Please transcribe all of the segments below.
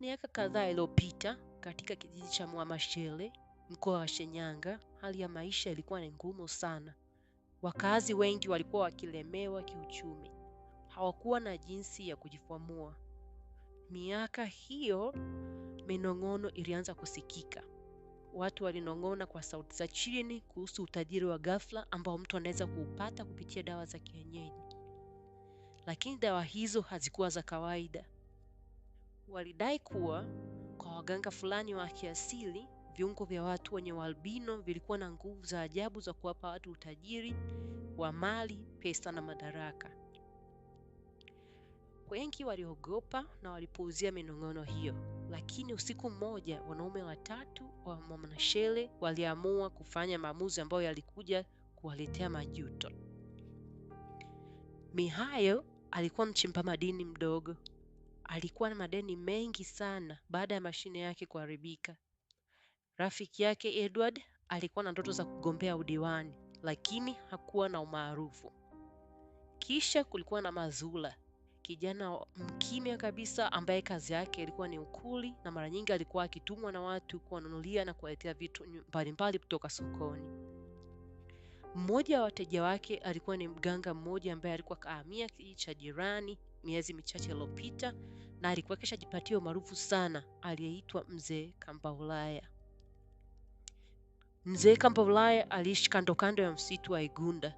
Miaka kadhaa iliyopita katika kijiji cha Mwamashele mkoa wa Shinyanga, hali ya maisha ilikuwa ni ngumu sana. Wakazi wengi walikuwa wakilemewa kiuchumi, hawakuwa na jinsi ya kujikwamua. Miaka hiyo minong'ono ilianza kusikika. Watu walinong'ona kwa sauti za chini kuhusu utajiri wa ghafla ambao mtu anaweza kuupata kupitia dawa za kienyeji, lakini dawa hizo hazikuwa za kawaida. Walidai kuwa kwa waganga fulani wa kiasili, viungo vya watu wenye ualbino vilikuwa na nguvu za ajabu za kuwapa watu utajiri wa mali, pesa na madaraka. Wengi waliogopa na walipuuzia minong'ono hiyo, lakini usiku mmoja wanaume watatu wa Mwanashele waliamua kufanya maamuzi ambayo yalikuja kuwaletea majuto. Mihayo alikuwa mchimba madini mdogo Alikuwa na madeni mengi sana baada ya mashine yake kuharibika. Rafiki yake Edward alikuwa na ndoto za kugombea udiwani lakini hakuwa na umaarufu. Kisha kulikuwa na Mazula, kijana mkimya kabisa ambaye kazi yake ilikuwa ni ukuli na mara nyingi alikuwa akitumwa na watu kuwanunulia na kuwaletea vitu mbalimbali kutoka sokoni. Mmoja wa wateja wake alikuwa ni mganga mmoja ambaye alikuwa kahamia kijiji cha jirani miezi michache iliyopita na alikuwa jipatio jipatia umaarufu sana aliyeitwa Mzee kamba ulaya Mzee ulaya aliishi kando kando ya msitu wa Igunda.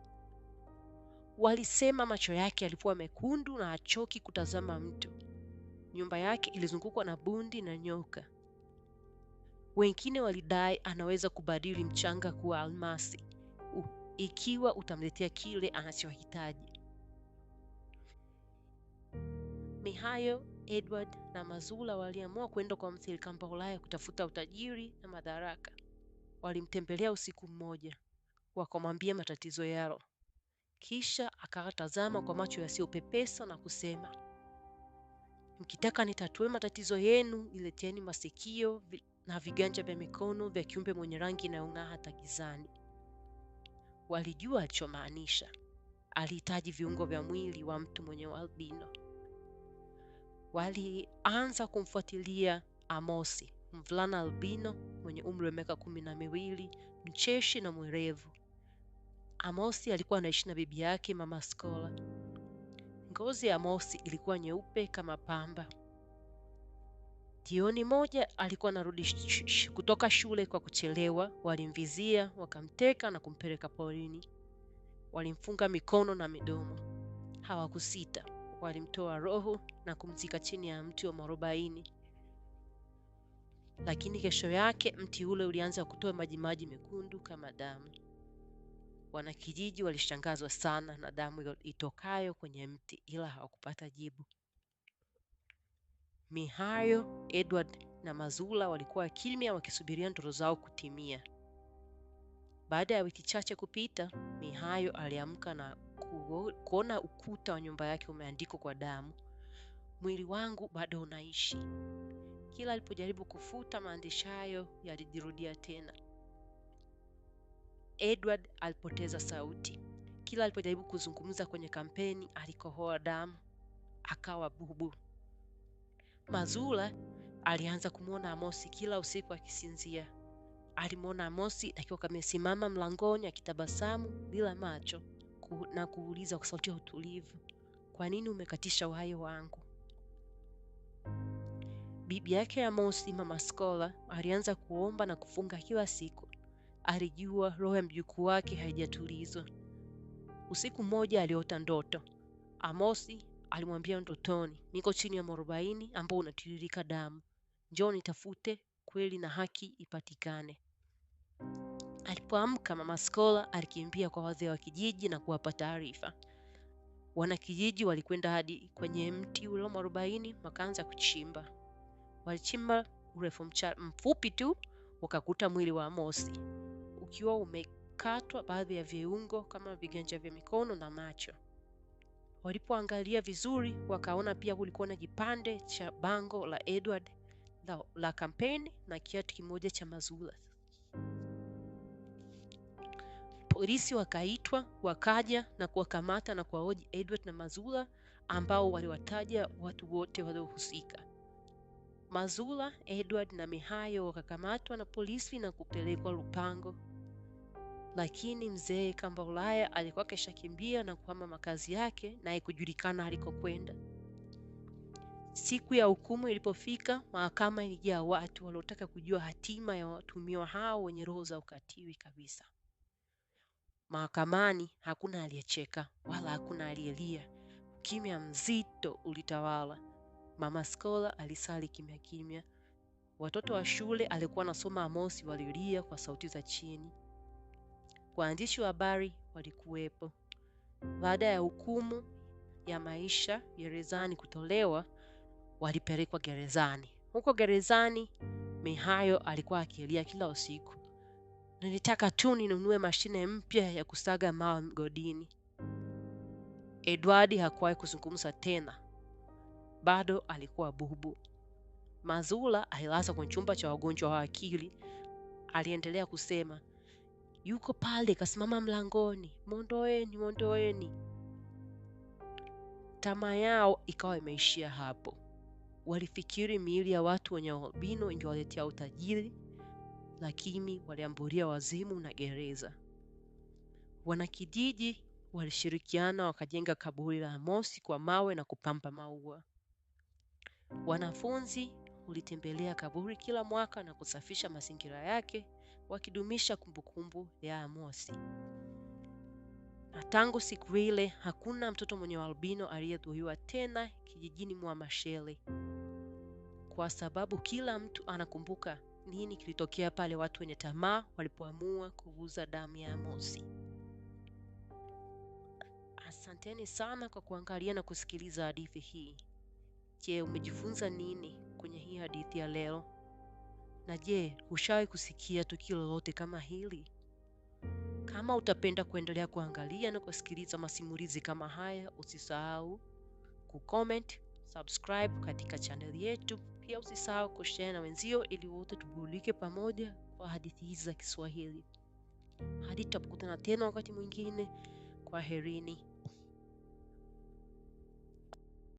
Walisema macho yake alikuwa mekundu na achoki kutazama mto. Nyumba yake ilizungukwa na bundi na nyoka. Wengine walidai anaweza kubadili mchanga kuwa almasi ikiwa utamletea kile anachohitaji. Ni hayo Edward na Mazula waliamua kwenda kwa msilikampa Ulaya kutafuta utajiri na madaraka. Walimtembelea usiku mmoja, wakamwambia matatizo yao, kisha akawatazama kwa macho yasiyopepesa na kusema, mkitaka nitatue matatizo yenu, nileteni masikio na viganja vya mikono vya kiumbe mwenye rangi inayong'aa hata gizani. Walijua alichomaanisha, alihitaji viungo vya mwili wa mtu mwenye albino walianza kumfuatilia Amosi, mvulana albino mwenye umri wa miaka kumi na miwili, mcheshi na mwerevu. Amosi alikuwa anaishi na bibi yake mama Skola. Ngozi ya Amosi ilikuwa nyeupe kama pamba. Jioni moja alikuwa anarudi sh sh kutoka shule kwa kuchelewa. Walimvizia, wakamteka na kumpeleka porini. Walimfunga mikono na midomo, hawakusita walimtoa roho na kumzika chini ya mti wa mwarobaini. Lakini kesho yake mti ule ulianza kutoa majimaji mekundu kama damu. Wanakijiji walishangazwa sana na damu itokayo kwenye mti, ila hawakupata jibu. Mihayo, Edward na Mazula walikuwa kimya wakisubiria ndoto zao kutimia. Baada ya wiki chache kupita, Mihayo aliamka na kuona ukuta wa nyumba yake umeandikwa kwa damu, mwili wangu bado unaishi. Kila alipojaribu kufuta maandishi hayo yalijirudia tena. Edward alipoteza sauti. Kila alipojaribu kuzungumza kwenye kampeni, alikohoa damu, akawa bubu. Mazula alianza kumwona Amosi kila usiku akisinzia. Alimwona Amosi akiwa kamesimama mlangoni akitabasamu bila macho ku, na kuuliza kwa sauti ya utulivu, kwa nini umekatisha uhai wangu? Bibi yake Amosi, mama Skola, alianza kuomba na kufunga kila siku. Alijua roho ya mjukuu wake haijatulizwa. Usiku mmoja aliota ndoto. Amosi alimwambia ndotoni, niko chini ya morobaini ambao unatiririka damu, njoo nitafute, kweli na haki ipatikane. Alipoamka mama Skola alikimbia kwa wazee wa kijiji na kuwapa taarifa. Wanakijiji walikwenda hadi kwenye mti ulio mwarobaini wakaanza kuchimba. Walichimba urefu mfupi tu, wakakuta mwili wa Amosi ukiwa umekatwa baadhi ya viungo kama viganja vya mikono na macho. Walipoangalia vizuri, wakaona pia kulikuwa na kipande cha bango la Edward la, la kampeni na kiatu kimoja cha Mazula. Polisi wakaitwa, wakaja na kuwakamata na kuwaoji Edward na Mazula ambao waliwataja watu wote waliohusika. Mazula, Edward na Mihayo wakakamatwa na polisi na kupelekwa Lupango, lakini mzee Kamba Ulaya alikuwa kimbia na kuhama makazi yake na ikujulikana alikokwenda. Siku ya hukumu ilipofika, mahakama ilijaa watu waliotaka kujua hatima ya watuhumiwa hao wenye roho za ukatili kabisa. Mahakamani hakuna aliyecheka wala hakuna aliyelia. kimya mzito ulitawala. Mama Skola alisali kimya kimya. Watoto wa shule alikuwa anasoma Amosi walilia kwa sauti za chini. Waandishi wa habari walikuwepo. Baada ya hukumu ya maisha gerezani kutolewa, walipelekwa gerezani. Huko gerezani, Mihayo alikuwa akilia kila usiku. Nilitaka tu ninunue mashine mpya ya kusaga mawe mgodini. edwardi hakuwahi kuzungumza tena, bado alikuwa bubu. Mazula alilaza kwenye chumba cha wagonjwa wa akili. Aliendelea kusema, yuko pale kasimama mlangoni, mondoeni mondoeni Tamaa yao ikawa imeishia hapo. Walifikiri miili ya watu wenye albino ingewaletea utajiri lakini waliambulia wazimu na gereza. Wanakijiji walishirikiana wakajenga kaburi la Amosi kwa mawe na kupamba maua. Wanafunzi ulitembelea kaburi kila mwaka na kusafisha mazingira yake wakidumisha kumbukumbu ya Amosi. Na tangu siku ile hakuna mtoto mwenye albino aliyedhuiwa tena kijijini mwa Mashele, kwa sababu kila mtu anakumbuka nini kilitokea pale watu wenye tamaa walipoamua kuuza damu ya Amosi? Asanteni sana kwa kuangalia na kusikiliza hadithi hii. Je, umejifunza nini kwenye hii hadithi ya leo? Na je, ushawahi kusikia tukio lolote kama hili? Kama utapenda kuendelea kuangalia na kusikiliza masimulizi kama haya, usisahau kucomment, subscribe katika chanel yetu. Pia usisahau kushare na wenzio ili wote tuburudike pamoja kwa hadithi hizi za Kiswahili. Hadi tutakutana tena wakati mwingine, kwaherini.